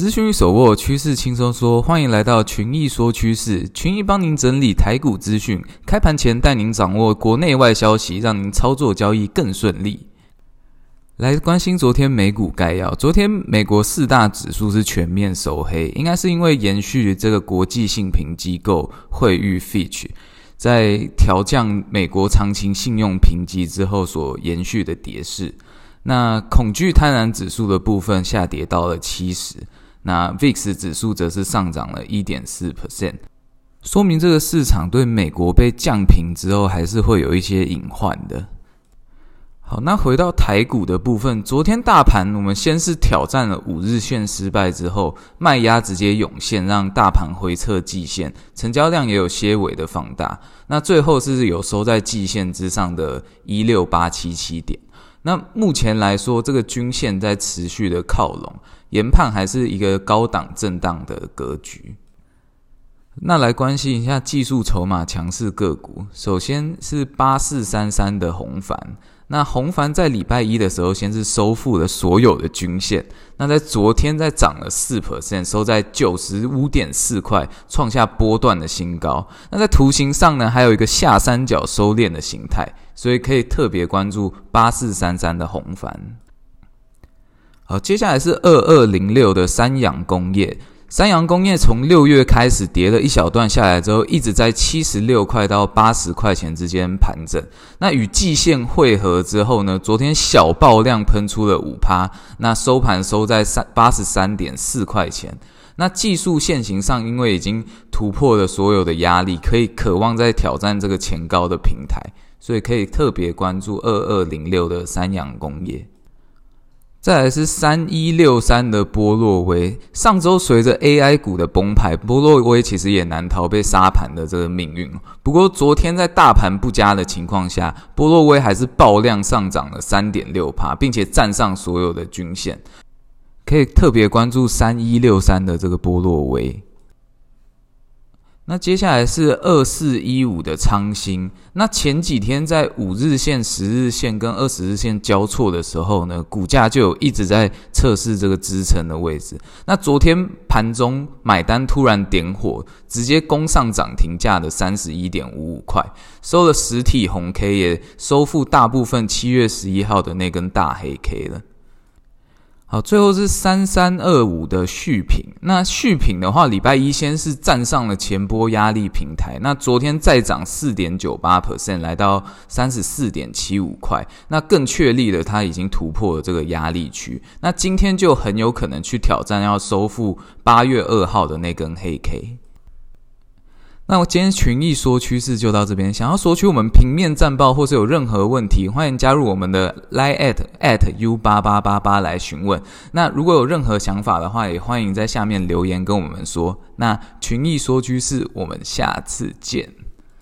資訊一手握，趨勢輕鬆說，歡迎來到群益說趨勢，群益幫您整理台股資訊，開盤前帶您掌握國內外消息，讓您操作交易更順利。來關心昨天美股概要，昨天美國四大指數是全面收黑，應該是因為延續這個國際信評機構惠譽 Fitch 在調降美國長期信用評級之後所延續的跌勢。那恐懼貪婪指數的部分下跌到了七十。那 VIX 指數則是上漲了1.4%，說明這個市場對美國被降評之後還是會有一些隱患的。好，那回到台股的部分，昨天大盤我們先是挑戰了五日線失敗之後，賣壓直接湧現，讓大盤回撤季線，成交量也有些微的放大。那最後是有收在季線之上的一六八七七點。那目前來說，這個均線在持續的靠攏，研判還是一個高檔震盪的格局。那來關心一下技術籌碼強勢個股，首先是八四三三的紅帆。那紅帆在禮拜一的時候，先是收復了所有的均線。那在昨天再漲了四 percent，收在九十五點四塊，創下波段的新高。那在圖形上呢，還有一個下三角收斂的形態，所以可以特別關注八四三三的紅帆。好，接下來是二二零六的三陽工業。三陽工業從六月開始跌了一小段下來之後，一直在七十六塊到八十塊錢之間盤整。那與季線匯合之後呢，昨天小爆量噴出了五趴，那收盤收在三八十三點四塊錢。那技術線型上，因為已經突破了所有的壓力，可以渴望再挑戰這個前高的平台，所以可以特別關注二二零六的三陽工業。再來是三一六三的波洛威，上週隨着 AI 股的崩盤，波洛威其實也難逃被殺盤的這個命運。不過昨天在大盤不佳的情況下，波洛威還是爆量上漲了三點六趴並且站上所有的均線，可以特別關注三一六三的這個波洛威。那接下來是二四一五的錩新，那前幾天在五日線、十日線跟二十日線交錯的時候呢，股價就有一直在測試這個支撐的位置。那昨天盤中買單突然點火，直接攻上漲停價的三十一點五五塊，收了實體紅 K，也收復大部分七月十一號的那根大黑 K 了。好，最後是三三二五的續品。那續品的話，禮拜一先是站上了前波壓力平台。那昨天再漲四點九八 percent，來到三十四點七五塊。那更確立了它已經突破了這個壓力區。那今天就很有可能去挑戰，要收復八月二號的那根黑 K。那我今天群益說趨勢就到這邊，想要索取我們平面戰報或是有任何問題，歡迎加入我們的 Line at at U8888 來詢問。那如果有任何想法的話，也歡迎在下面留言跟我們說。那群益說趨勢，我們下次見。